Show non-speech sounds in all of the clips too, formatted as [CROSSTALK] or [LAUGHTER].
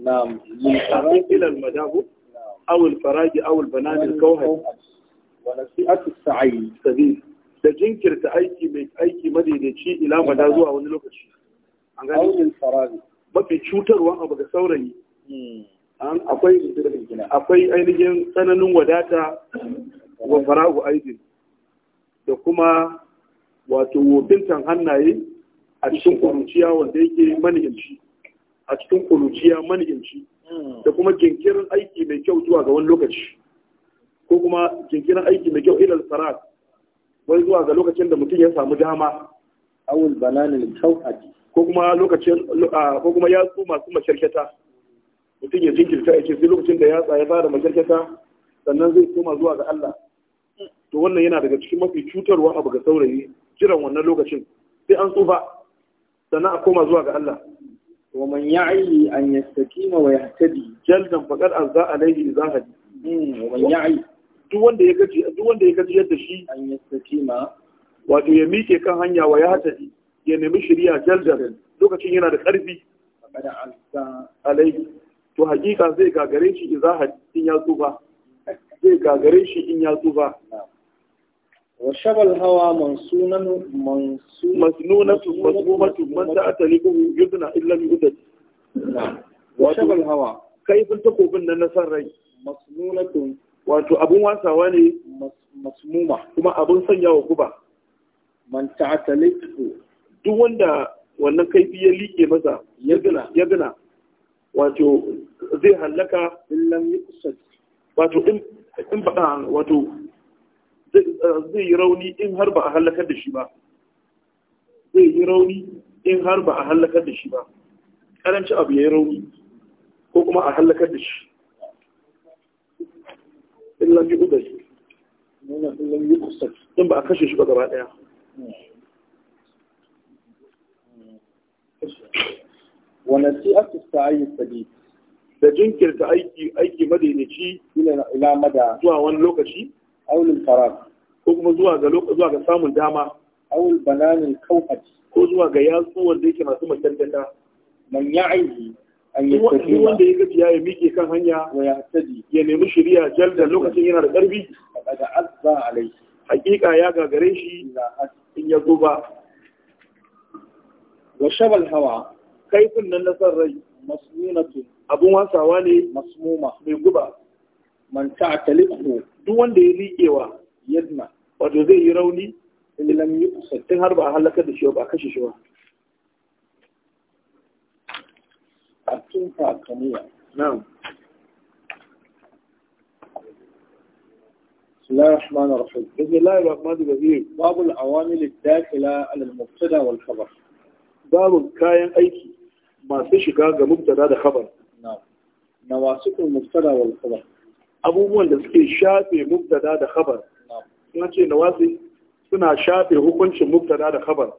na'am lisaran ilal madahu aw al faragi aw da jinkirta aiki mai aiki madaidaici ila mada zuwa wani lokaci an gani mafi abu ga saurayi hmm. akwai ainihin tsananin wadata wa faragu aidin da kuma wato wofintan hannaye a cikin kuruciya wanda yake manihimci a cikin kuruciya mani'inci da kuma jinkirin aiki mai kyau zuwa ga wani lokaci ko kuma jinkirin aiki mai kyau ilal sarat wai zuwa ga lokacin da mutum ya samu dama awul balalil tawhadi ko kuma lokacin ko kuma ya su masu masharkata mutum ya jinkirta aiki sai lokacin da ya tsaya fara masharkata sannan zai koma zuwa ga Allah to wannan yana daga cikin mafi cutarwa abu ga saurayi jiran wannan lokacin sai an tsufa sannan a koma zuwa ga Allah ومن يعي أن يستقيم ويهتدي جلدا فقد أرضى عليه إذا هدي ومن يعي duk wanda ya gaji duk wanda ya gaji yadda shi an yastakima wato ya mike kan hanya wa ya hatadi ya nemi shari'a jaldan lokacin yana da karfi faqad alsa alai to hakika zai gagare shi idza in ya tsufa وشب الهوى منسونا مسنونة مسمومة من سأت لكم يدنى إلا بأدد وشب الهوى كيف التقوا بنا نسري مسنونة wato abun wasawa ne masmuma kuma abun sanyawa guba man ta'atali duk wanda wannan kaifi ya liƙe masa ya gina wato zai hallaka wato in faɗa wato Eh, zai yi rauni in har ba a halakar da shi ba zai yi rauni in har ba a halakar da shi ba karanci abu ya yi rauni ko kuma a halakar da shi illan bi udari illan bi kusur in ba a kashe shi ba gaba daya wani si aka ayi sadi da jinkirta aiki aiki madaidaici ila mada zuwa wani lokaci aulul faram ko kuma zuwa ga zuwa ga samun dama aul bananin kauhat ko zuwa ga yatsu wanda yake masu makyarkyata man aiki. an yattaji wanda ya gaji ya miƙe kan hanya wa ya nemi shiriya jalda lokacin yana da ƙarfi daga azza alai hakika ya gagare shi in ya zuba wa shabal hawa kaifin nan na san rai tun. abun wasawa ne masmuma mai guba man ta'taliqu duk wanda ya riƙewa yadda wato zai yi rauni ilan yi usattun har ba halakar da shi ba kashe shi ba a tun fakaniya na Sulayar Shimanar Rafi, da zai babu al'awamil dakila al-mubtada wal khabar. Babu kayan aiki masu shiga ga mubtada da khabar. Na masu kun mubtada wal khabar. abubuwan da suke shafe mubtada da khabar suna ce nawasi suna shafe hukuncin mubtada da khabar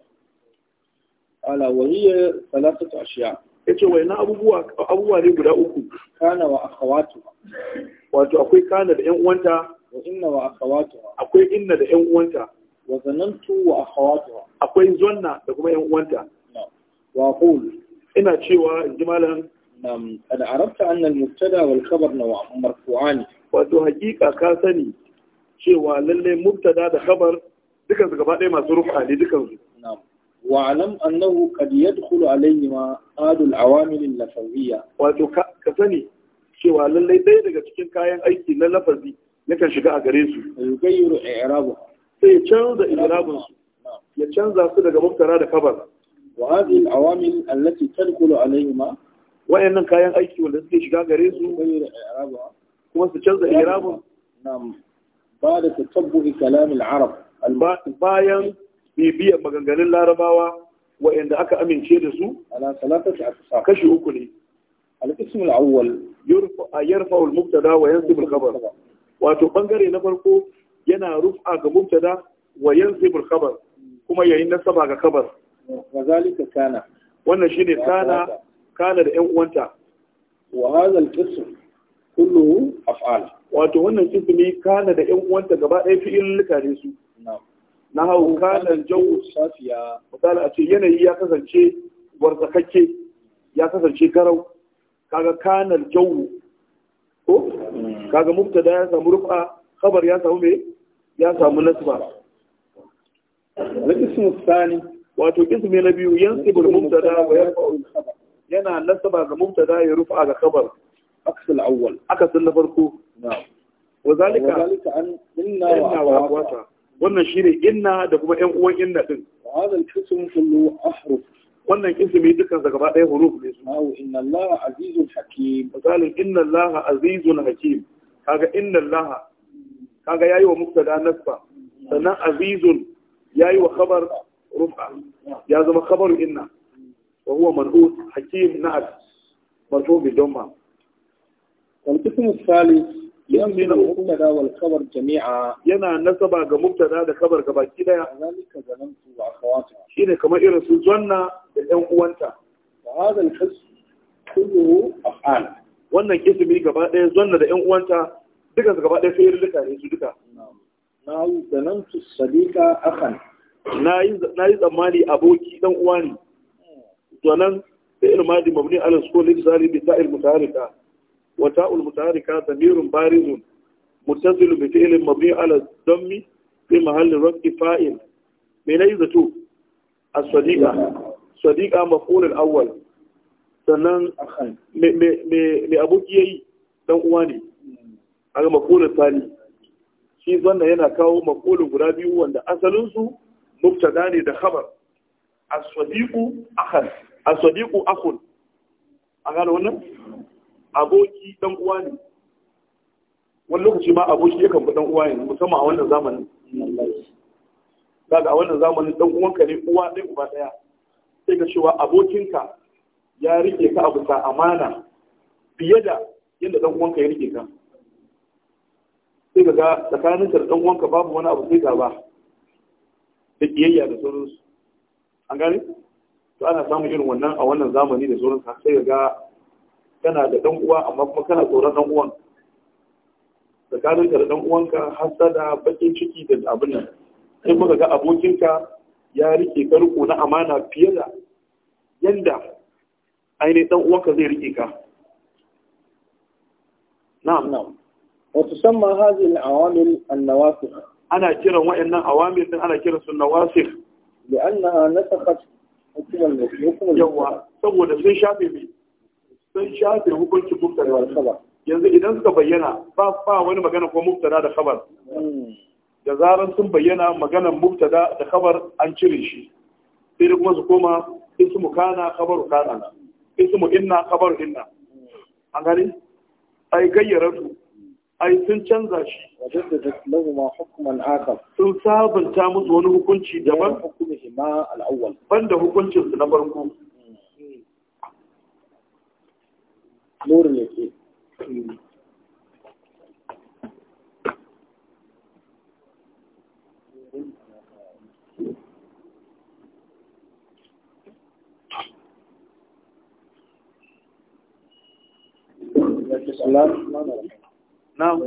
ala wahiyya salatatu ashiya yace na abubuwa abubuwa ne guda uku kana wa akhawatu wato akwai kana da yan uwanta wa inna wa akhawatu akwai inna da yan uwanta wa zanantu wa akhawatu akwai zonna da kuma yan uwanta wa qul ina cewa in ji malam nam kad arabta anna al-mubtada wal khabar naw'an marfu'an wato hakika ka sani cewa lalle mubtada da khabar dukan su gaba ɗaya masu rufa ne dukan su na'am wa alam annahu qad yadkhulu alayhi ma adul awamil al-lafaziyya wato ka sani cewa lalle ɗaya daga cikin kayan aiki na lafazi kan shiga a gare su yugayyiru i'rabu sai canza i'rabun su ya canza su daga mubtada da khabar wa hadhihi al-awamil allati tadkhulu ma. wayannan kayan aiki wanda suke shiga gare su ah. kuma su canza irabun nam ba da tatabbu kalamin al-arab bayan bibiyar maganganun larabawa wayanda aka amince da su ala salatati aqsam kashi uku ne al-qism al-awwal yurfa yarfa al-mubtada wa yansib al-khabar wato bangare na farko yana rufa ga mubtada wa yansib al-khabar kuma yayin nasaba ga khabar wa zalika kana wannan shine kana kana da ƴan uwanta wa hadha al-qism kulluhu af'al wato wannan kismi kana da ƴan uwanta gaba ɗaya fi'illuka ne su na hau kana jawu safiya misali a ce yanayi ya kasance warzakakke ya kasance garau kaga kana jawu ko hmm. kaga mubtada ya samu rufa khabar ya samu me ya samu nasba al Sani wato ismi na biyu yansibul mubtada wa yarfa'u al-khabar yana nasaba ga mubtada ya rufa ga khabar aksul awwal akasin na farko na'am wazalika wazalika an inna wa aqwata wannan shine inna da kuma ƴan uwan inna din hadha al-ism kullu ahruf wannan ismi dukkan sa gaba ɗaya huruf ne su inna allaha azizun hakim wazalika inna allaha azizun hakim kaga inna allaha kaga yayi wa mubtada nasba sannan azizun yayi wa khabar rufa ya zama khabaru inna wa huwa man'ut hakim na'at marfu bi dhamma wal qism al-thalith yanzu na mubtada wal khabar jami'a yana nasaba ga mubtada da khabar gabaki daya zalika zanantu wa akhawatuha shine kamar irin su zanna da ɗan uwanta wa hadha al-qism kulluhu af'al wannan kismi gaba daya zanna da ɗan uwanta duka su gaba daya fi'ilika ne su duka na yi zanantu sadiqa akhan na yi tsammani aboki dan uwa ne to nan fi'il madi mabni ala sukun lidsali bi ta'il mutaharika wa ta'ul mutaharika damirun barizun muttasil bi fi'il mabni ala dammi fi mahalli rafi fa'il me nayi zato as-sadiqa sadiqa maf'ul me me me dan uwa ne aga maf'ul al-thani shi wannan yana kawo ma maf'ulun guda biyu wanda asalinsu su ne da khabar as-sadiqu a sadiku akun a gane wannan aboki dan uwa ne wani lokaci ma aboki ya kan dan uwa ne musamman a wannan zamanin daga a wannan zamanin dan uwanka ne uwa ɗaya uba ɗaya sai ka cewa abokinka ya rike ka a ta amana fiye da yadda dan uwanka ya rike ka sai ga tsakanin ka da dan uwanka babu wani abu sai ba da kiyayya da sauransu an gane to ana samun irin wannan a wannan zamani da sauran sai ga kana da dan uwa amma kuma kana tsoron dan uwan da ka da dan uwanka hasada bakin ciki da abin nan sai kuma ga abokinka ya rike ka na amana fiye da yanda ainihin dan ka zai rike ka na'am na'am wa tusamma hadhihi al-awamil an-nawasikh ana kiran wa'annan awamil din ana kiran su nawasikh لأنها نسخت yawa saboda sun shafe mai sun shafe hukuncin mubtada yanzu idan suka bayyana ba ba wani magana ko muktada da khabar da zaran sun bayyana maganar muktada da khabar an cire shi sai da kuma su koma ismu kana khabaru kana ismu inna khabaru inna an gani ai gayyaratu ai sun canza shi da wajaddada lahum hukumar akhar sun sabunta musu wani hukunci daban hukunci ma al-awwal banda hukuncin su na farko hmm. nur ne na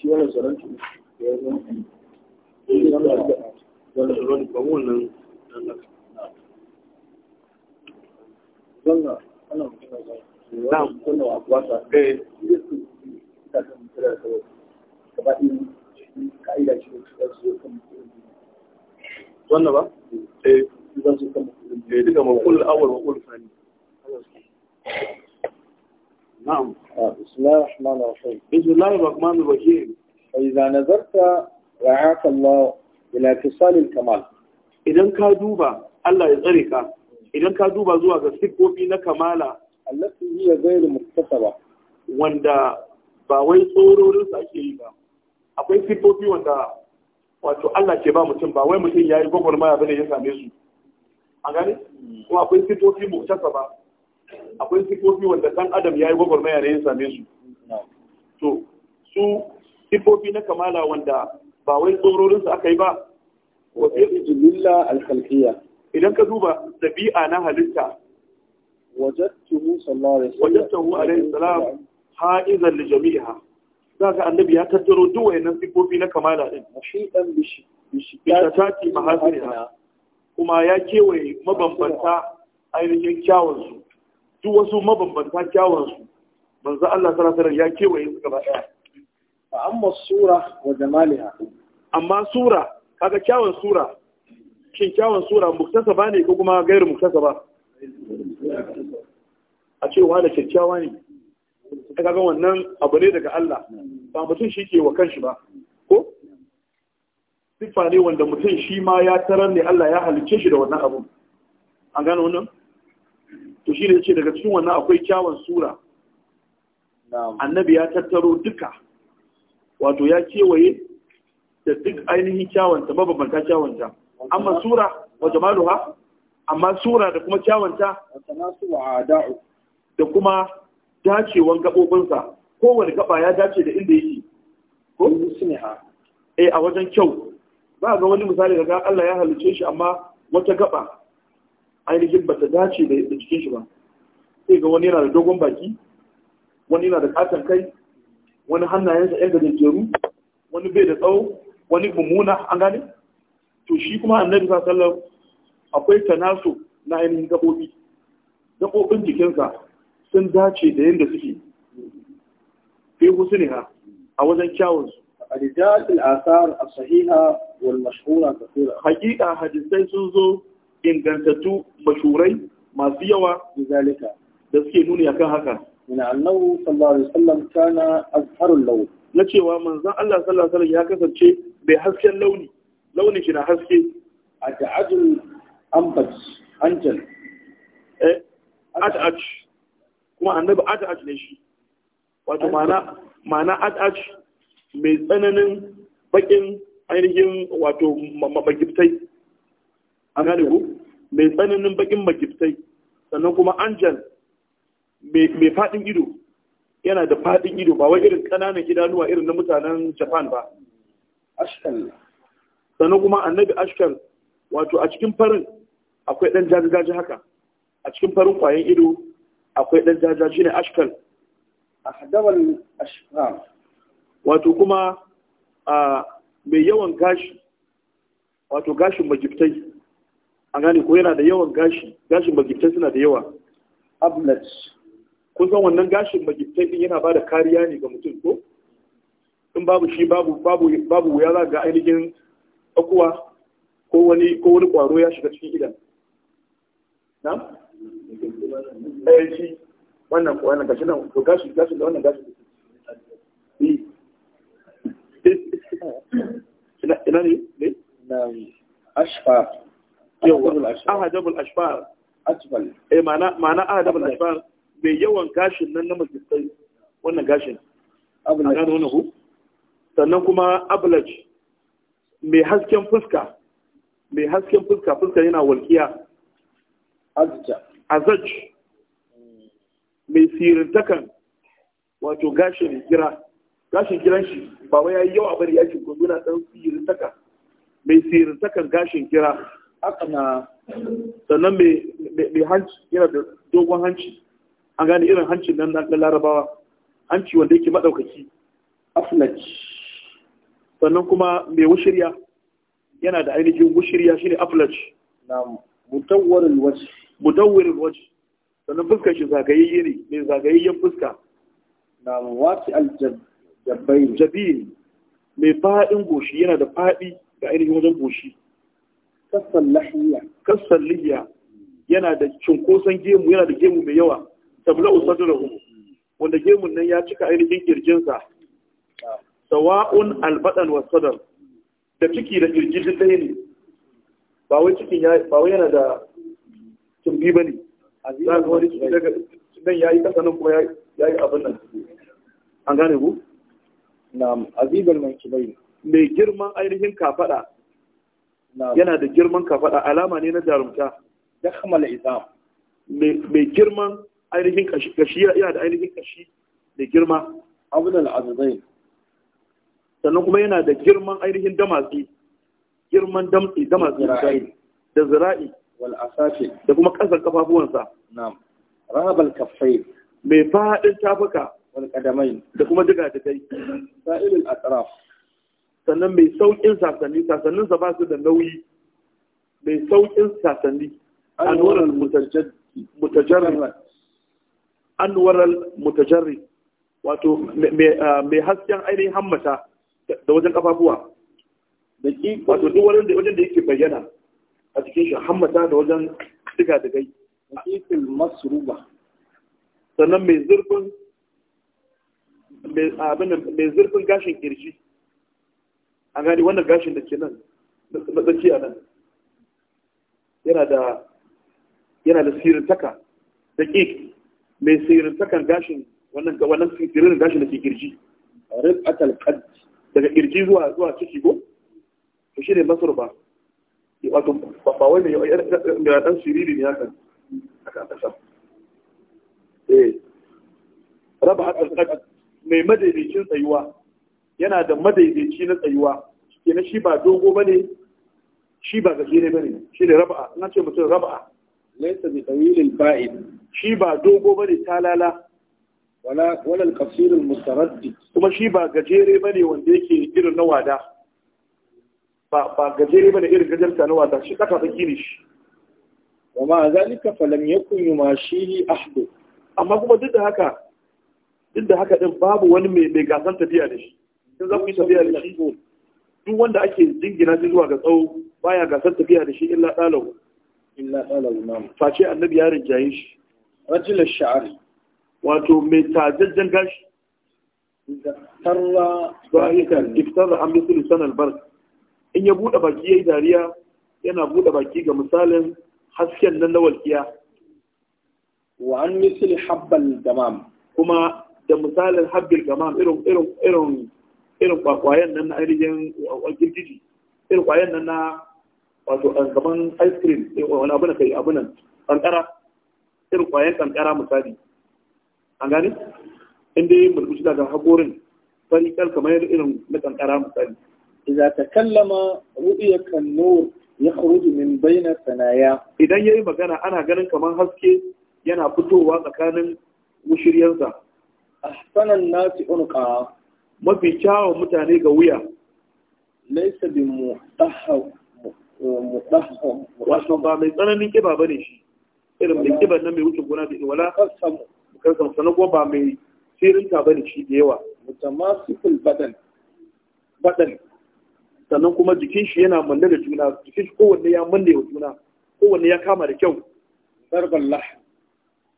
shi yana tsoron ya wannan zanga eh da da su kan kudin ba eh da eh. su kan awar eh, duka maqul fani na'am bismillahir rahmanir rahim bismillahir rahmanir rahim fa idza nazarta ra'aka Allah ila tisalil kamal idan ka duba Allah ya tsare ka idan ka duba zuwa ga siffofi na kamala allati hiya ghairu muktasaba wanda ba wai tsororin yi ba akwai wanda wato Allah ke ba mutum ba wai mutum yayi gwagwarmaya bane ya same su a gani ko akwai siffofi muktasaba akwai sifofi wanda ɗan adam ya yi gwagwarmaya ne ya same su to su sifofi na kamala wanda ba wai tsororinsu aka yi ba wa fi jimilla alkalkiya idan ka duba ɗabi'a na halitta wajattuhu sallallahu alaihi ha'izar da jami'a. za ka annabi ya tattaro duk wayannan sifofi na kamala din bishatati mahasina kuma ya kewaye mabambanta ainihin kyawun su duk wasu mabambanta kyawansu manzo Allah sallallahu alaihi ya kewaye su gaba ɗaya. a amma sura wa jamaliha amma sura kaga kyawun sura shin kyawun sura ba ne ko kuma gairu ba? a ce da kyakkyawa ne ta kaga wannan abu ne daga Allah ba mutum shi ke wa kanshi ba ko siffa ne wanda mutum shi ma ya tarar ne Allah ya halicce shi da wannan abu an gano wannan shi ne ce daga cikin wannan akwai kyawun sura annabi ya tattaro duka wato ya kewaye da duk ainihin kyawunta mabambanta kyawunta amma sura wa jamaluha amma sura da kuma kyawunta da kuma dacewan ko kowane gaba ya dace da inda yake ko eh a wajen kyau ba ga wani misali daga Allah ya halice shi amma wata gaba ainihin ba ta dace da jikin shi ba sai ga wani yana da dogon baki wani yana da katon kai wani hannayensa yan jeru, wani bai da tsawo wani mummuna an gane to shi kuma annabi sallallahu akwai tanaso na ainihin gabobi gabobin jikinsa sun dace da yadda suke fi husniha a wajen kyawun su rijal al a as-sahiha wal mashhura hadisai sun zo ingantattu mashurai masu yawa da zalika da suke nuni akan haka ina Allah sallallahu alaihi wasallam kana azharul law na cewa manzon Allah sallallahu alaihi wasallam ya kasance bai hasken launi launin shi na haske a ta'ajul ambaj anjal eh at'aj kuma annabi at'aj ne shi wato ma'ana ma'ana at'aj mai tsananin bakin ainihin wato magiftai an gane ku mai tsananin bakin makiftai sannan kuma anjan mai faɗin ido yana da faɗin ido ba wai irin ƙananan idanuwa irin na mutanen japan ba ashkal sannan kuma annabi ashkal wato a cikin farin akwai ɗan jajajaji haka a cikin farin kwayan ido akwai ɗan jajaji ne ashkal a hadawar ashkal wato kuma a mai yawan gashi wato gashin magiftai an gane ko yana da yawan gashi gashin magibtai suna da yawa ablat kun san wannan gashin magibtai din yana bada kariya ne ga mutum ko in babu shi babu babu babu wuya za ga ainihin akuwa ko wani ko wani kwaro ya shiga cikin idan na eh shi wannan wannan gashi nan to gashi gashi da wannan gashi eh. [LAUGHS] ina ne ne na ashfa ahadabul ashfar eh ma'ana ma'ana ahadabul ashfar bai yawan gashin nan na majistai wannan gashin ablaj gano wannan ku sannan kuma ablaj mai hasken fuska mai hasken fuska fuska yana walkiya azaj mai sirintakan wato gashin gira gashin giran shi ba wai yayi yawa bari yakin gobe yana dan sirintaka mai sirintakan gashin gira akana sannan mai hanci yana da dogon hanci an gane irin hancin nan na larabawa hanci wanda yake maɗaukaki aflaj sannan kuma mai wushirya yana da ainihin wushirya shine aflaj na mutawarin waje mutawarin waje sannan fuskar shi zagayayye ne mai zagayayyen fuska na wati aljabbain jabin mai faɗin goshi yana da faɗi ga ainihin wajen goshi kassan lihiya yana da cunkoson gemu yana da gemu mai yawa tabla usadarahu wanda gemun nan ya cika ainihin kirjinsa sawa'un albadan wa sadar da ciki da kirji duk ɗaya ne ba wai cikin ya ba wai yana da tumbi bane za ga wani ciki daga nan yayi kasa nan kuma yayi abin nan an gane ku na'am mankibai mai girman ainihin kafada yana da girman kafada alama ne na jarumta da kammala izam mai girman ainihin kashi kashi yana da ainihin kashi da girma abin al'azazai sannan kuma yana da girman ainihin damatsi girman damtsi damatsi da zira'i wal asafi da kuma kasar kafafuwansa na'am Rabal kaffai mai fadin tafuka wal qadamain da kuma diga da kai sa'ilul atraf sannan mai saukin sasanni sa ba su da nauyi mai saukin sasanni anwarar mutajarri anwarar mutajarri wato ah, mai hasken ainihin hammata da wajen kafafuwa da ki wato duk wajen da wajen da yake bayyana a cikin shi hammata da wajen siga da gai daqiqil masruba sannan mai zurfin mai ah, abin mai zurfin gashin kirji an gani wannan gashin da ke nan na a nan yana da yana da sirintaka da ƙiƙ mai sirintakan gashin wannan wannan sirrin gashin da ke kirji rifatal qad daga kirji zuwa zuwa ciki ko to shi ne wato ba wai mai mai dan siriri ne haka haka kasa eh rabahat al mai madaidaicin tsayuwa yana da madaidaici na tsayuwa kenan shi ba dogo bane shi ba gajere bane shi ne raba'a na ce mutum raba'a laysa bi tawilil ba'id shi ba dogo bane talala wala wala al-qasir al-mutaraddi kuma shi ba gajere bane wanda yake irin na wada ba ba gajere bane irin gajarta na wada shi kaka tsaki ne shi wa ma zalika falam yakun yumashihi ahdu amma kuma duk da haka duk da haka din babu wani mai mai gasan tafiya da shi in za ku yi tafiya da shi duk wanda ake jingina shi zuwa ga tsawo baya gasar tafiya da shi illa ɗalahu illa ɗalahu na face annabi ya rinjaye shi rajul sha'ari wato mai tajajjan gashi tarra zahikan iftara an misali sanar bar in ya buɗe baki yayi dariya yana buɗe baki ga misalin hasken nan na walƙiya wa an misali habbal damam kuma da misalin habbil damam irin irin irin irin kwakwayen nan na ainihin girgiji irin kwayen nan na wato kaman ice cream eh, wani abu na kai abu nan kankara irin kwayen kankara misali an gani inda yi mulkushi daga haƙorin fari kal kamar irin na kankara misali idza takallama ru'ya kanno ya yakhruj min bayna sanaya idan yayi magana ana ganin kamar haske yana fitowa tsakanin mushiryansa ahsanan nasi unqa mafi kyawun mutane ga wuya laisa bi wato ba mai tsananin kiba ba ne shi irin mai kiba nan mai wuce gona da wala kasamu kasamu sanan ko ba mai sirinta ne shi da yawa mutamasikul badan badan sannan kuma jikin shi yana manne da juna jikin shi kowanne ya manne wa juna kowanne ya kama da kyau zarban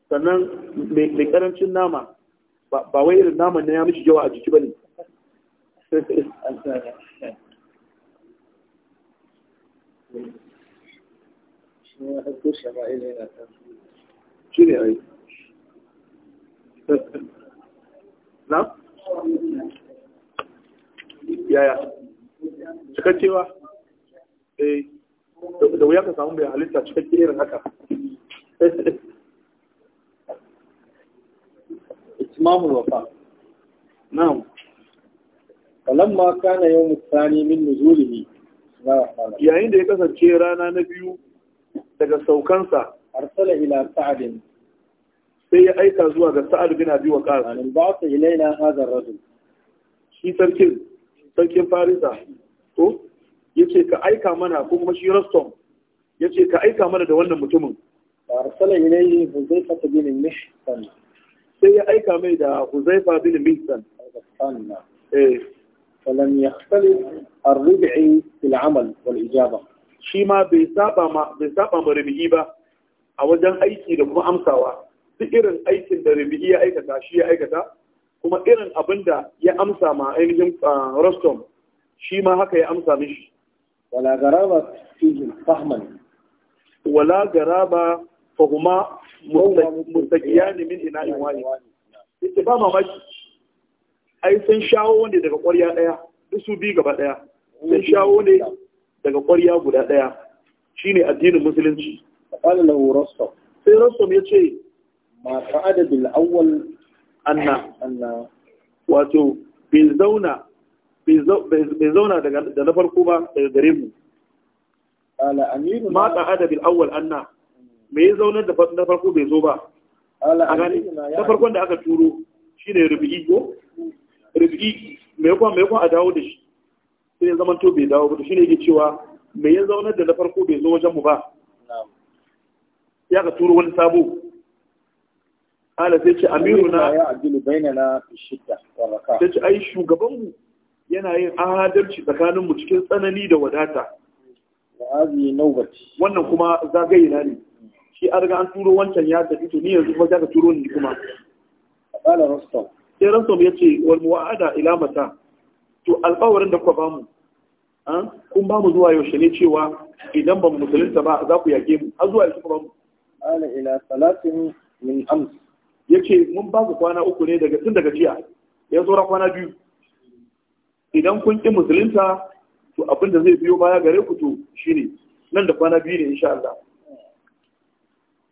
sannan mai karancin nama ba wai irin naman na ya mishi yawa a jiki ba ne na? yaya cikakkewa eh da wuya ka samu mai halitta cikakke irin haka [LAUGHS] itmamul wafa na'am falamma kana yawm tsani min nuzulihi yayin da ya kasance rana na biyu daga saukansa arsala ila sa'adin sai ya aika zuwa ga sa'ad bin abi waqas an ba'atha ilaina hadha ar-rajul shi sarkin sarkin farisa to yace ka aika mana ko kuma shi rastom yace ka aika mana da wannan mutumin arsala ilayhi huzaifa bin mihsan sai ya aika mai da Huzaifa bin Mihsan eh falam yakhtalif ar-rib'i fil 'amal wal ijaba shi ma bai saba ma bai saba ma rubi'i ba a wajen aiki da kuma amsawa duk irin aikin da rubi'i ya aikata shi ya aikata kuma irin abin da ya amsa ma ainihin ah, Rostom shi ma haka ya amsa mishi wala garaba fihim fahman wala garaba fahuma mustaqiyan min ina in waye. Ita ba mamaki ai sun shawo wanda daga ƙwarya ɗaya duk su bi gaba ɗaya sun shawo ne daga ƙwarya guda ɗaya shine addinin musulunci qala lahu rastam sai rastam yace ma qa'ada bil awwal anna wato bai zauna bai zauna da na farko ba daga gare mu. Ala amiru ma ta bil awwal anna me ya zaunar da na farko bai zo ba a gani na farkon da aka turo ne rubi'i ko rubi'i mai kwan mai kwan a dawo da shi shi ya zama bai dawo ba ne yake cewa me ya zaunar da na farko bai zo wajen mu ba ya ka turo wani sabo ala sai ce amiru na ya sai ce ai shugaban mu yana yin adalci tsakanin mu cikin tsanani da wadata wannan kuma zagaye na ne shi an riga an turo wancan ya tafi to ni yanzu kuma za ka turo ni kuma qala rastam sai rastam yace wal mu'ada ila mata to alƙawarin da kuka bamu kun bamu zuwa yaushe ne cewa idan ba mu musulunta ba za ku yage mu har zuwa yaushe kuka bamu qala ila salatin min Ya ce mun ba ku kwana uku ne daga tun daga jiya ya tsora kwana biyu idan kun ƙi musulunta to abin da zai biyo baya gare ku to shine nan da kwana biyu ne insha Allah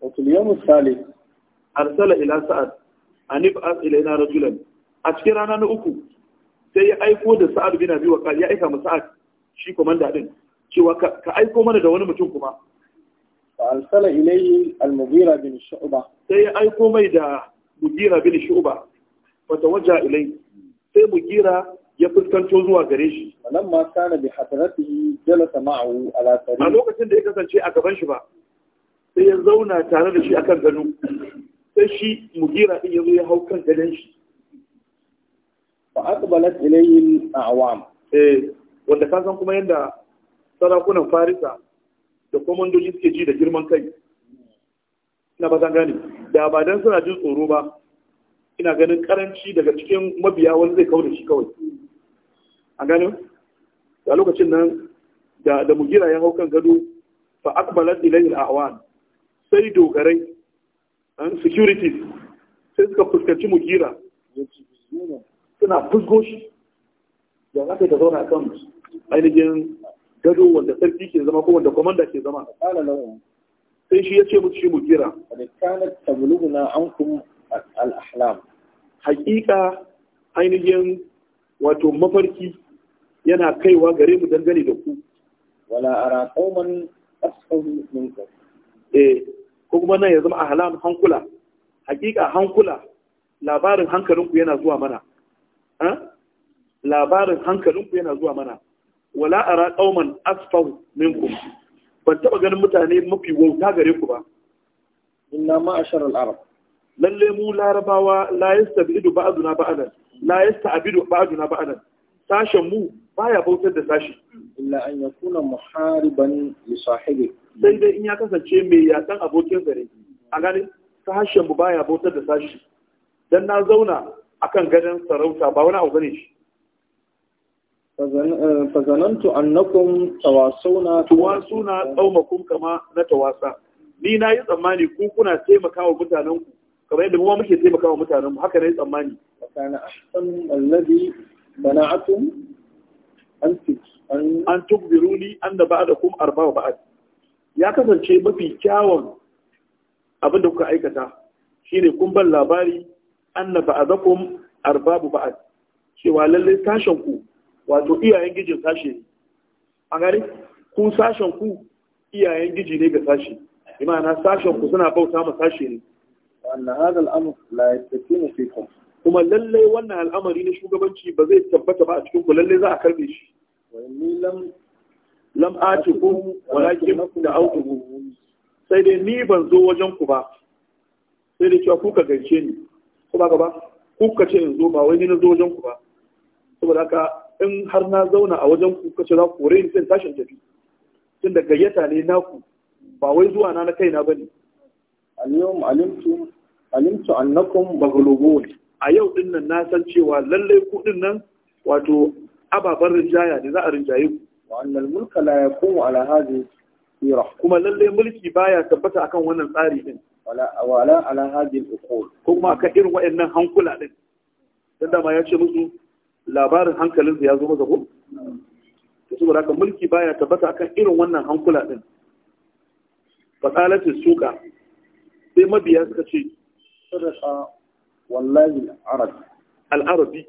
وفي اليوم الثالث أرسل إلى سعد أن يبعث إلينا رجلا أشكرنا نؤكو sai ya aiko da sa'ad bin abi waqas ya aika mu sa'ad shi komanda din cewa ka aiko mana da wani mutum kuma fa arsala ilayhi al mudira bin shu'ba sai ya aiko mai da mudira bin shu'ba wa tawajja ilayhi sai mudira ya fuskanto zuwa gare shi lamma kana bi hadratihi jalasa ma'ahu ala tariq a lokacin da ya kasance a gaban shi ba sai ya zauna tare da shi akan gano sai shi mugira din ya zo ya hau kan gadon shi fa aqbalat ilayhi al-awam eh wanda ka san kuma yadda sarakunan farisa da komandoji suke ji da girman kai ina ba san gane da ba dan suna jin tsoro ba ina ganin karanci daga cikin mabiya wani zai kawo da shi kawai a gane a lokacin nan da mugira ya hau kan gado fa aqbalat ilayhi al-awan sai dogarai an securities sai suka fuskanci mugira suna fusgo shi da za ka zauna kan ainihin gado wanda sarki ke zama ko wanda komanda ke zama sai shi ya ce mu shi mugira kanat tabluguna ankum haƙiƙa ainihin wato mafarki yana kaiwa gare mu dangane da ku wala ara qauman asfar minkum eh ko kuma nan ya zama a halam hankula hakika hankula labarin hankalinku yana zuwa mana eh? labarin hankalinku yana zuwa mana wala ara qauman asfaw minkum ban taba ganin mutane mafi wauta gare ku ba inna ma ashar al-arab lalle mu larabawa la yastabidu ba'duna ba'dan la yastabidu ba'duna ba'dan sashen mu baya bautar da sashi illa an yakuna muhariban li sahibi sai dai in ya kasance mai yatsan abokin zare a ta sashen mu baya bautar da sashi dan na zauna akan gadon sarauta ba wani abu bane shi eh, fazanantu annakum tawasuna tawasuna tsaumakum kama na tawasa ni na yi tsammani ku kuna taimakawa mutanen ku kamar yadda muwa muke taimakawa mutanen mu haka na yi tsammani kana ahsan alladhi bana'atum an an tukbiruni anna ba'dakum arba'a ba'd ya kasance mafi kyawun abin da kuka aikata shi kun ban labari anna ba'adakum arbabu ba'ad cewa lalle sashen ku wato iyayen gijin sashe ne a gari ku sashen ku iyayen giji ne ga sashe imana sashen ku suna bauta ma sashe ne wannan hada al'amuri la yastakimu fikum kuma lalle wannan al'amari na shugabanci ba zai tabbata ba a cikin ku lalle za a karbe shi wani lam lam atiku walakin da'awtuhu sai dai ni ban zo wajen ku ba sai dai cewa ku ka gaishe ni ko ba ba ku ka ce in zo ba wai ni na zo wajen ku ba saboda haka in har na zauna a wajen ku ka ce za ku rain ni sai tashin tafi Tun da gayyata ne naku ba wai zuwa na na kaina bane al-yawm alimtu alimtu annakum baghlubun a yau din nan na san cewa lalle ku din nan wato ababar rinjaya ne za a rinjaye ku wa'annan mulka la ya kuma ala sira kuma lallai mulki baya tabbata akan wannan tsari din wala ala hazi ko kuma akan irin wa'annan hankula din dan ya ce musu labarin hankalinsa ya zo masa ko to saboda haka mulki baya tabbata akan irin wannan hankula din fasalatin suka sai mabiya suka ce sadaka wallahi al-arabi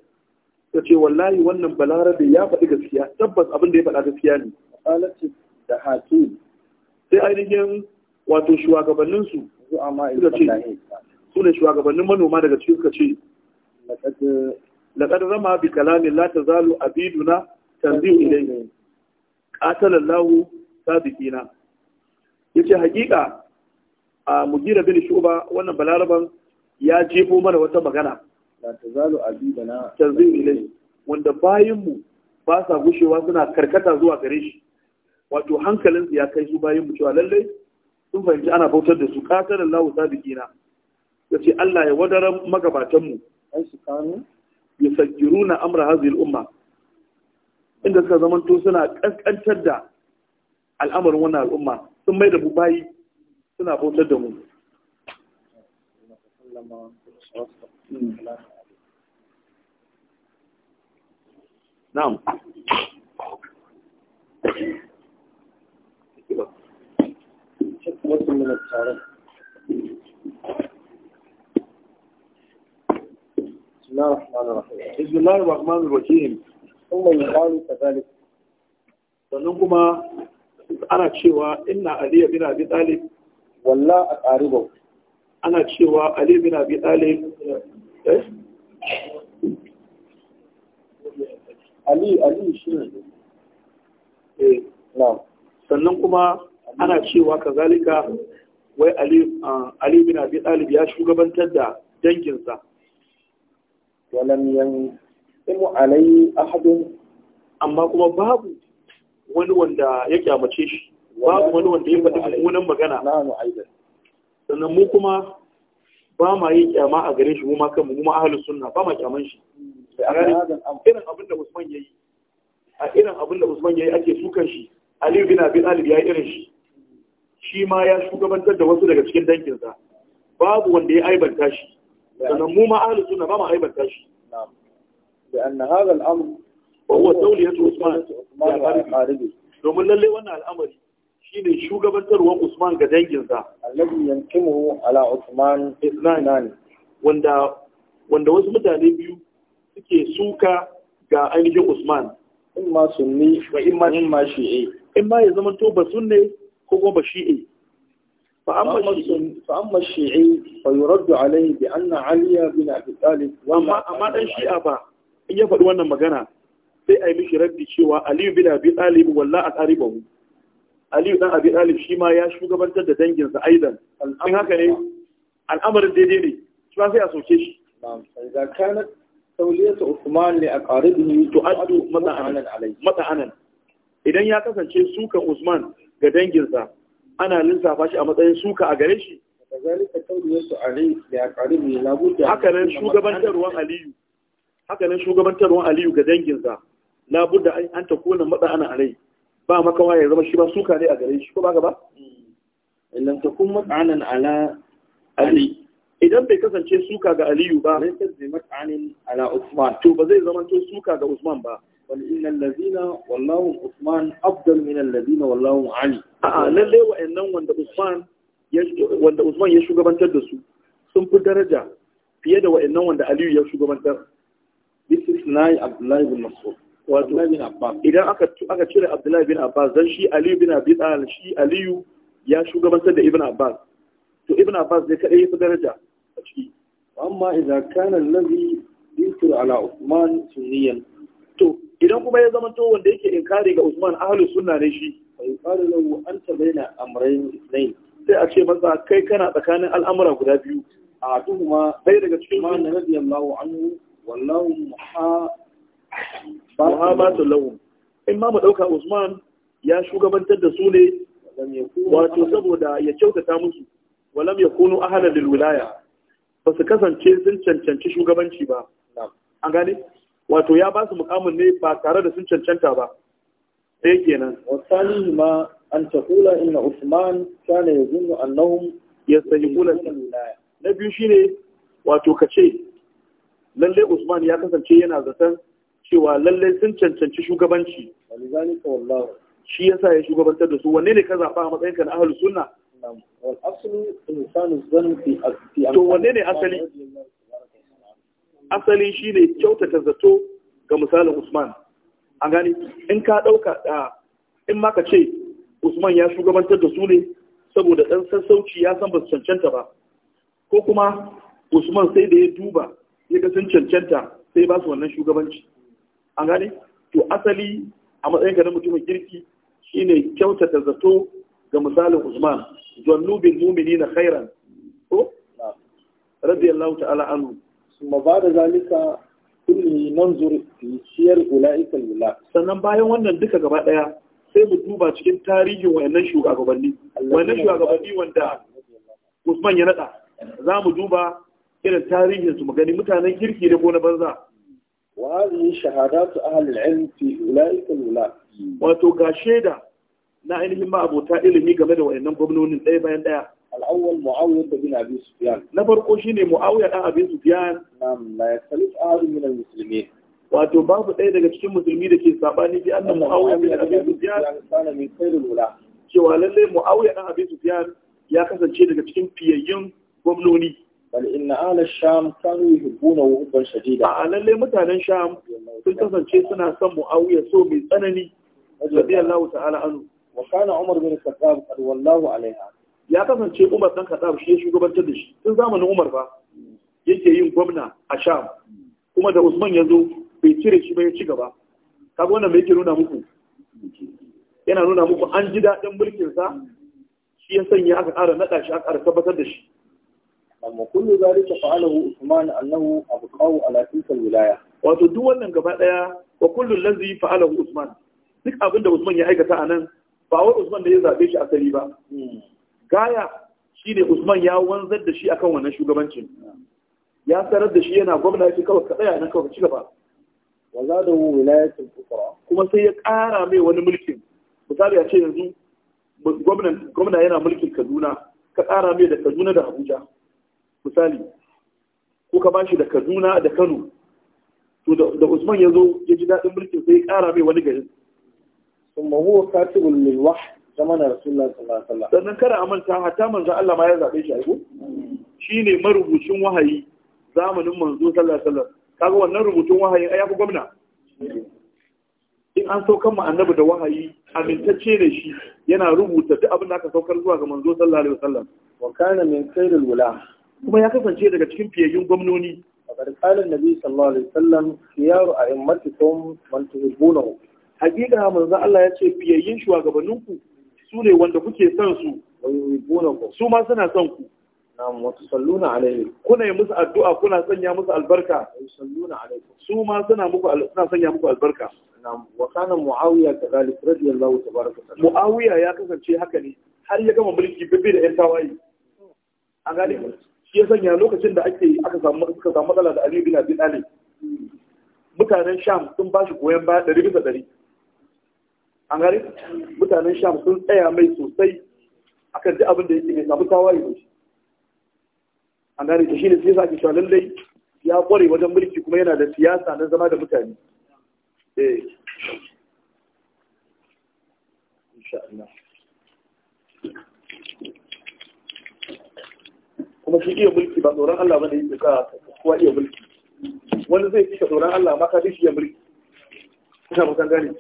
ta ce wallahi wannan da ya faɗi gaskiya tabbas abin da ya faɗa gaskiya ne alati da haƙi sai ainihin wato shugabannin su suka ce su ne shugabannin manoma daga cikin suka ce laqad rama bi kalamin la tazalu abiduna tanziu ilayhi qatala Allahu sabiqina yace hakika a mugira bin shuba wannan balaraban ya jefo mana wata magana la tazalu abidana ilai wanda bayanmu ba sa gushewa suna karkata zuwa gare shi wato su ya kai su bayan mu cewa lallai sun fahimci ana bautar da su kasar Allah sadiqina yace Allah ya wadaran magabatan mu ai su kanu yusajjiruna amra hadhihi al-umma inda suka to suna kaskantar da al'amarin wannan al'umma sun mai da mu bayi suna bautar da mu نعم بسم الله الرحمن الرحيم بسم الله الرحمن الرحيم ثم يقال كذلك sannan kuma ana cewa ina aliyu bin abi talib walla a ƙaribau ana cewa aliyu bin abi talib Eh? ali ali shi ne eh sannan kuma ana cewa kazalika wai ali bin abi talib ya shugabantar da danginsa walam yan imu alai ahadun amma kuma babu wani wanda ya kyamace shi babu wani wanda ya faɗi mummunan magana sannan mu kuma ba ma yi kyama a gare shi kuma kan mu ma sunna ba ma kyaman shi irin abin da Usman yayi a irin abin da Usman yayi ake sukan shi Ali bin Abi Talib ya irin shi shi ma ya shugabantar da wasu daga cikin danginsa babu wanda ya aibanta shi sannan mu ma ahli sunna ba ma aibanta shi na'am da anna hadha al wa huwa tawliyatu Usman ya Domin lalle wannan al'amari Shi ne shugabantarwar Usman ga danginsa allazi yankimu ala Usman Isnan wanda wanda wasu mutane biyu suke suka ga ainihin Usman in ma sunni wa in ma in ma shi'i in ma ya zama to ba sunne ko kuma ba shi shi'i fa amma shi'i fa yuraddu alayhi bi anna Ali bin Abi Talib ma amma dan shi'a ba in ya faɗi wannan magana sai a yi mishi raddi cewa Ali bin Abi Talib wallahi mu. aliyu dan abi talib shi ma ya shugabantar da danginsa aidan in haka ne al'amarin daidai ne shi ma sai a sauke shi idza kanat tawliyatu usman ne li aqaribihi tu'addu mata'anan alai mata'anan idan ya kasance sukan usman ga danginsa ana lissafa shi a matsayin suka a gare shi kazalika tawliyatu alai li aqaribihi labudda haka nan shugabantarwan aliyu haka nan shugabantarwan aliyu ga danginsa da an ta kona mata'anan alai ba makawa ya zama shi ba suka ne a gare shi ko ba ba mm. lam kun mat'anan ala ali idan bai kasance suka ga aliyu ba laysa zai mat'anin ala usman to ba zai zama to suka ga usman ba Wani innal Lazina wallahu usman Abdul min Lazina wallahu ali a'a lalle wa'annan wanda usman wanda usman ya shugabantar da su sun fi daraja fiye da nan wanda aliyu ya shugabantar this is nai abdullahi bin mas'ud wato idan aka cire abdullahi bin abbas zan shi aliyu bin abi talib shi aliyu ya shugabantar da ibn abbas to ibn abbas zai kaɗai yi daraja a ciki amma idan kanan allazi yusir ala usman sunniyan to idan kuma ya zama to wanda yake inkari ga usman ahlus sunna ne shi yuqalu lahu anta baina amrayn isna'i. sai a ce masa kai kana tsakanin al'amura guda biyu a tuhuma sai daga cikin man radiyallahu anhu wallahu muha su lahum in ma mu ɗauka usman ya shugabantar da su ne wato saboda ya kyautata musu walam yakunu ahlan lil wilaya ba su kasance sun cancanci shugabanci ba an gane wato ya ba su mukamin ne ba tare da sun cancanta ba sai kenan wasani ma an tafula inna usman kana yazunnu annahum yastahiquna al-wilaya na biyu shine wato kace lalle usman ya kasance yana zaton cewa lallai sun cancanci shugabanci shi yasa ya shugabantar da su wanne ne ka zaɓa a matsayinka na ahlus sunna to wanne ne asali asali shi ne kyautata zato ga misalin Usman an gani in ka ɗauka da in ma ka ce Usman ya shugabantar da su ne saboda ɗan sassauci ya san ba su cancanta ba ko kuma Usman sai da ya duba ya ga sun cancanta sai ba su wannan shugabanci an gane to asali a matsayin ka na mutumin kirki shine kyautata zato ga misalin Usman zannu bil mu'minina khairan ko radiyallahu ta'ala anhu kuma ba da zalika kulli nanzur fi siyar ulaika al sannan bayan wannan duka gaba daya sai mu duba cikin tarihin wayannan shugabanni wayannan shugabanni wanda Usman ya nada za mu duba irin tarihin su mu gani mutanen kirki da ko na banza وهذه شهادات أهل العلم في أولئك الولاة wato ga na ainihin ma'abota ilimi game da wayannan gwamnonin ɗaya bayan ɗaya al'awwal mu'awiyar da bin abin sufiyan na farko shine mu'awiyar ɗan abin sufiyan nam la yasalif ahadu min al-muslimin wato babu ɗaya daga cikin musulmi da ke sabani bi annan mu'awiyar bin abin sufiyan kana min khairul wala cewa lalle ɗan abin sufiyan ya kasance daga cikin fiyayyun gwamnoni bal inna ala sham kanu yuhibbuna hubban shadida a lalle mutanen sham sun kasance suna son muawiya so mai tsanani radiyallahu ta'ala anhu wa kana umar bin khattab qad wallahu alaiha ya kasance umar dan khattab shi ya shugabantar da shi tun zamanin umar ba yake yin gwamna a sham kuma da usman ya zo bai cire shi ba ya ci gaba kaga wannan bai nuna muku yana nuna muku an ji daɗin sa shi ya sanya aka ƙara naɗa shi aka ƙara tabbatar da shi amma kullu zalika hu Usman annahu abqahu ala tilka wilaya wato duk wannan gaba daya wa kullu allazi hu Usman duk abin da Usman ya aikata anan ba wai Usman da ya zabe shi asali ba hmm. gaya shine Usman ya wanzar da shi akan wannan shugabancin ya sanar da shi yana gwamna ya ce kawai ka tsaya nan kawai ci gaba wa zadahu wilayatul fuqara kuma sai ya ƙara mai wani mulkin misali a ce yanzu gwamna yana mulkin Kaduna ka ƙara mai da Kaduna da Abuja misali ko ka bashi da kaduna da kano to da usman ya zo ya ji daɗin mulkin sai ya ƙara mai wani garin ثم هو كاتب للوحي زمن rasulullah sallallahu alaihi wasallam sannan kada a manta hatta manzo Allah ma ya zabe shi aiko shine marubucin wahayi zamanin manzo sallallahu alaihi wasallam kaga wannan rubutun wahayi ai yafi gwamna in an saukar mu annabi da wahayi amintacce ne shi yana rubuta duk abin da aka saukar zuwa ga manzo sallallahu alaihi wasallam wa kana min khairul wula kuma ya kasance daga cikin fiyayyun gwamnoni faqad qala an-nabi sallallahu alaihi wasallam a yin man tuhibbunahu hakika manzo Allah ya ce fiyayyun shugabanninku su ne wanda kuke son su su ma suna son ku na'am wa tusalluna alaihi kuna yi musu addu'a kuna sanya musu albarka wa yusalluna alaikum su ma suna muku suna sanya muku albarka na'am wa kana muawiya kadhalik radiyallahu tabaraka ta'ala muawiya ya kasance haka ne har ya gama mulki bibbi da yan tawaye. a gane shi ya sanya lokacin da ake aka samu suka samu matsala da Aliyu bin Abi Talib mutanen Sham sun ba shi koyon baya ɗari bisa ɗari an gari mutanen Sham sun tsaya mai sosai akan duk abin da yake mai samu tawaye da shi an gari ta shi ne sai sake cewa dai ya kware wajen mulki kuma yana da siyasa na zama da mutane eh insha Allah kuma shi iya mulki ba tsoron Allah bane yake ka kowa iya mulki wani zai fi tsoron Allah ma ka shi ya mulki ina ba san gani.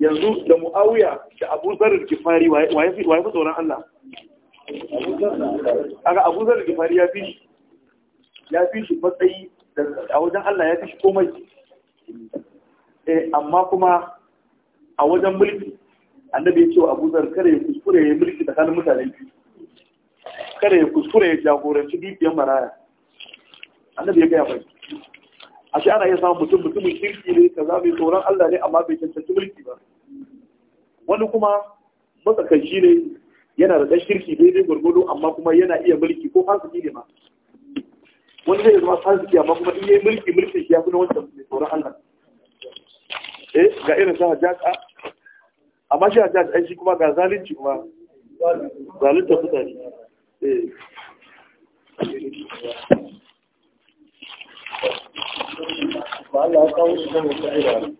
yanzu da Muawiya da Abu Zar Gifari wa waye fi waye tsoron Allah aga Abu Zar Gifari ya fi ya fi shi matsayi a wajen Allah ya fi shi komai eh amma kuma a wajen mulki annabi ya ce wa Abu Zar kare kuskure ya mulki tsakanin mutane biyu kada ya kuskure ya jagoranci dukiyar maraya annabi ya gaya bai a shi ana iya samun mutum mutumin kirki ne ka za mai tsoron Allah ne amma bai cancanci mulki ba wani kuma matsakanci ne yana da ɗan kirki daidai gwargwado amma kuma yana iya mulki ko fasiki ne ma wani zai zama fasiki amma kuma in yi mulki mulki shi ya fi na wancan mai tsoron Allah eh ga irin sa hajjaka ah, amma shi hajjaka ai shi kuma ga zalunci kuma zalunta mutane Allah ya kawo shi an faɗi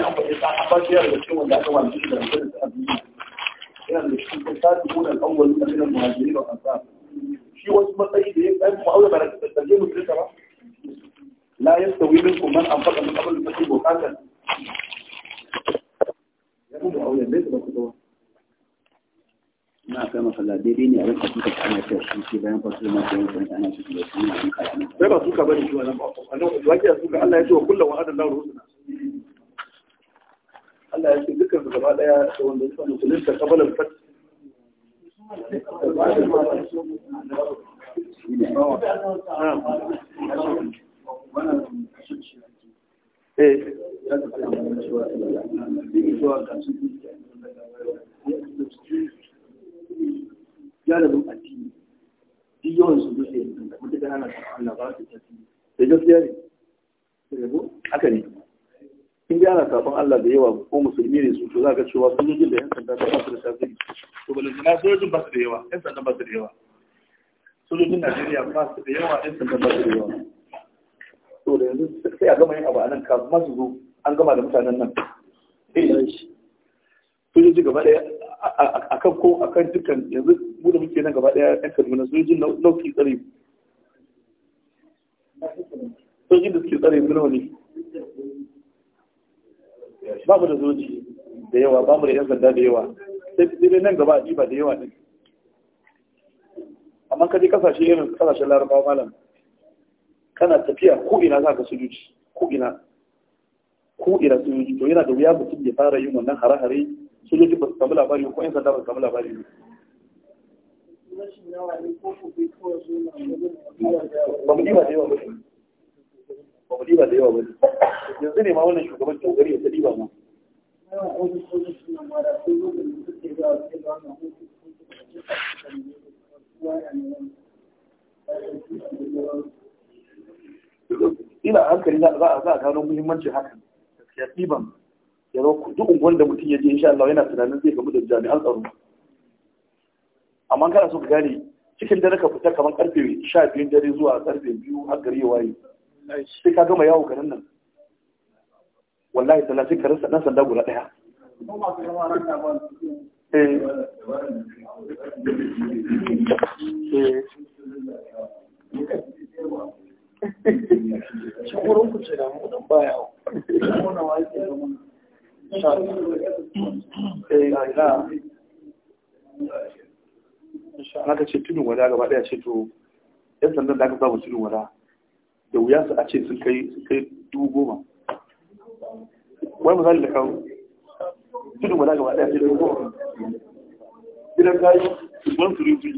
a fashi yara da cikin wanda aka wani shi da rantsa a duniya yana da shi ko ta dubu da kan da kan shi wasu matsayi da ya kai mu aure bara da kaje mu tsira ba la yastawi minkum man anfaqa min qabl al-fath kuma aure bai su na kai masala daidai ne a rika suka ta ana cewa shi bayan fasu da masu yankin ana su da su ne an kaya sai ba suka bane shi wannan ba wannan wake suka Allah ya ce wa kullu wa adan lahu rusuna Allah ya ce dukkan su gaba daya da wanda suka musulun ta kabala fat wannan eh, eh galibin addini Allah da yawa ko musulmi ne su za ka cewa sojojin da yan sanda ta su da tasiri to balantana sojojin ba su da yawa yan sanda ba su da yawa sojojin Najeriya ba su da yawa yan sanda ba su da yawa to da yanzu sai a gama yin abu a nan ka masu zo an gama da mutanen nan eh. ji gaba daya a kan ko a kan dukkan yanzu mu da muke nan gaba daya yan kaduna ji nauki tsare yi da suke tsare mu nawa ne ba mu da zoji da yawa ba mu da yan sanda da yawa sai dai nan gaba a ba da yawa ne amma ka kaje kasashe irin kasashen larabawa malam kana tafiya ko za ka sujuji ko ina ko sujuji to yana da wuya mutum ya fara yin wannan hare-hare sojoji ba su samu labari ko yan sanda ba su samu labari ba ba mu diba da yawa ba mu diba da yawa ba yanzu ne ma wannan shugaban shugari ya ta diba ma Thank you. ina hankali za a za a gano muhimmancin hakan gaskiya ɗiban ya zo duk unguwar da mutum ya je insha Allah yana tunanin zai gamu da jami'an tsaro amma kana so ka gane cikin dare ka fita kamar karfe sha biyun dare zuwa karfe biyu har gari ya waye sai ka gama yawo garin nan wallahi sallah sai ka rasa dan sanda guda ɗaya eh, eh. shi wurin ku ce da mu dan baya au wannan wai ke da mun sha eh ga aka ce tunin wada gaba daya ce to yan sandan da aka samu tunin wada da wuya su a ce sun kai sun dubu goma Wani misali da kawo tunin wada gaba daya ce dubu goma gidan gayu ban su rufi